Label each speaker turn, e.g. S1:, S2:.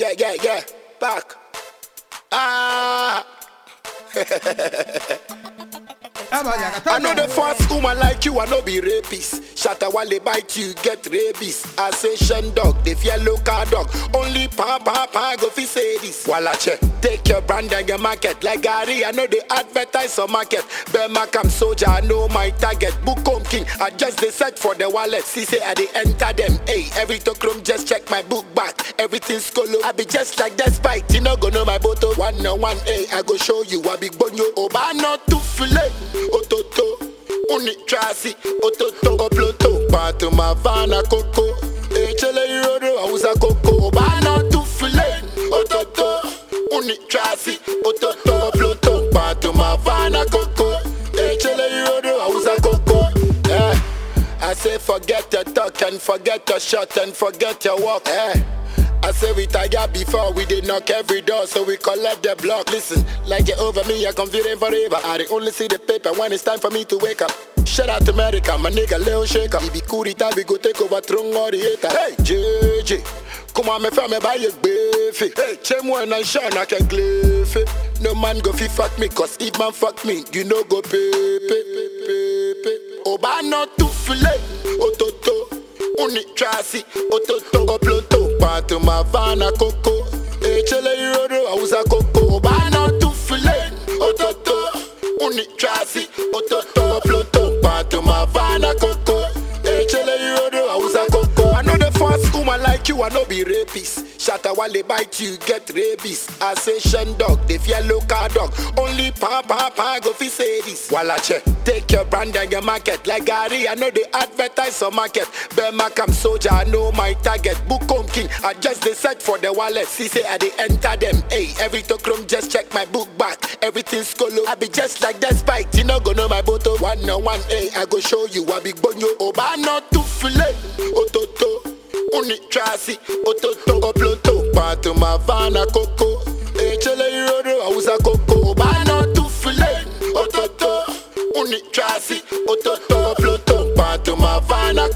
S1: yeah, yeah, yeah, back. Ah. I know the first woman like you, I know be rapist. Shatter while they bite you, get rabies. Assassin dog, the yellow car dog. Only Papa pa pa go fi say this. Walla check, take your brand and your market. Like Gary, I know they advertise on market. Bema come soldier, I know my target. Book king. I just they for the wallet. See say I they enter them. Hey, every tokrom just check my book back. Everything's colo. I be just like that spite. You know go know my bottle. One on one, hey, I go show you. a big bonyo. Oba oh, not to fillet. Ototo. Uni trasi. Ototo. Oploto. Pato mavana coco. Echele irodo. Ausa coco. Oba oh, not to fillet. Ototo. Uni trasi. Ototo. I say forget your talk and forget your shot and forget your walk. Hey. Eh? I say we tired before we did knock every door, so we collect the block. Listen, like it over me, I'm feeling forever. I only see the paper when it's time for me to wake up. Shout out to America, my nigga Leo Shaker. If you cool it, we go take over throne or the hater. Hey, JJ, come on, me fam, me buy your beefy. Hey, Chemo and Sean, I can glyph it. No man go fi fuck me, cause if man fuck me, you no go pay, pay, pay kobano tufule ototo unitrasi ototo koploto patumavana koko echele irodo You are no be rapist. they bite you, get rabies. Assassin dog, the yellow car dog. Only pa pa pa go fi say this. Walache, take your brand and your market. Like Gary, I know they advertise on market. Bema come soldier, I know my target. Book on king, I just they set for the wallet. See say I they enter them. Hey, every tokrom just check my book back. Everything's colo. I be just like that spike. You know go know my bottle. One on one, hey, I go show you. I be bonyo. Oba not to fillet. Ototo unitrasi ototongo ploto pato mavana koko echele irodo ausa koko bana tufile ototo unitrasi ototongo ploto pato mavana